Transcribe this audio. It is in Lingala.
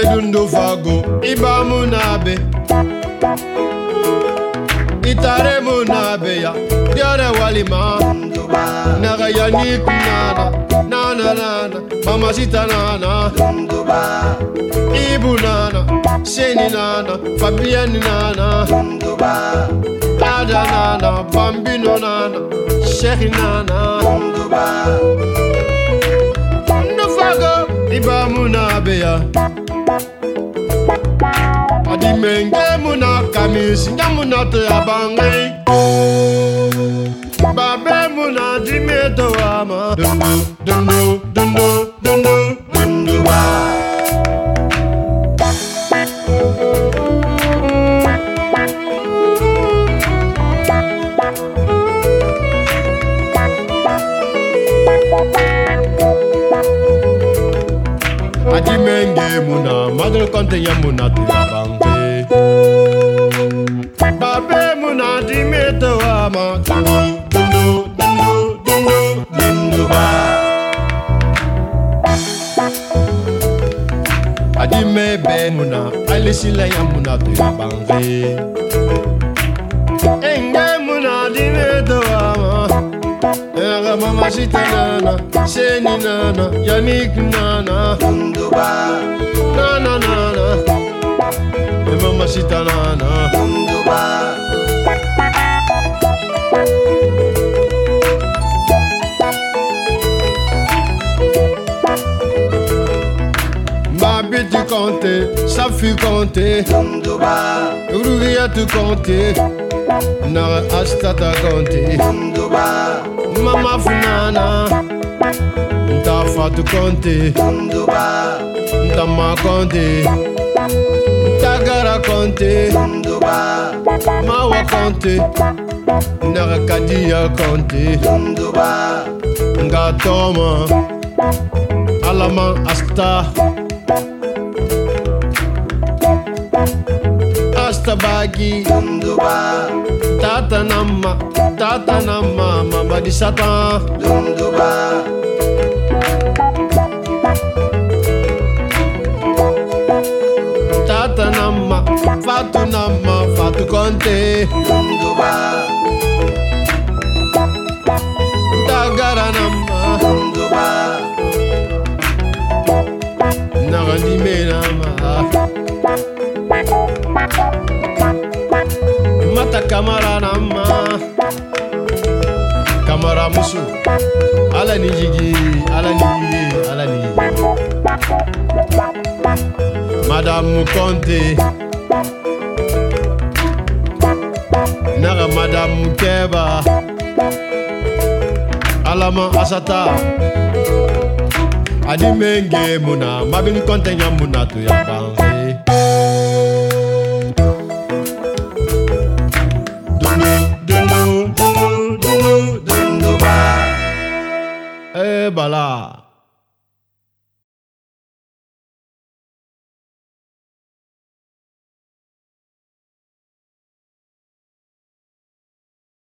edundo fago ibamu n'abe itare mu n'abe ya diare walima naga ya niku nana nana nana mama sita nana ibu nana seni nana fabiani nana ada nana bambino nana shehi nana mengbe muna kamisi nyamuna te abangai babe muna dime to ama dundu dundu dundu dundu dundu wa Adimenge muna, magal konte yamuna tira. Adime be muna, alesile ya muna be banve. Enge muna dime doama, ega mama shitanana, sheni nana, yanik nana, dunduba, nana nana, mama shitanana. ça compté. ça Safi tout tu compter? Nara Astata compter Mama Funana, Ntafatu Conté, Ntama Tagara Conté, Mawa Conté, Nara Kadia Conté, Ngatoma, Alama Asta. ಬಾಗಿ ತಾತ ನಮ್ಮ ತಾತ ನಮ್ಮ ಬಡಿಸತ ತಾತ ನಮ್ಮ ಫಾತು ನಮ್ಮ ಫಾತು ಕೊಂತೆ kamara na mma kamara muso ala ni jigi ala ni yiye ala ni yiye madamu kɔnte naga madamu kɛba alama asata ani menge muna mabini kɔnte ɲa muna to ya ban 完了。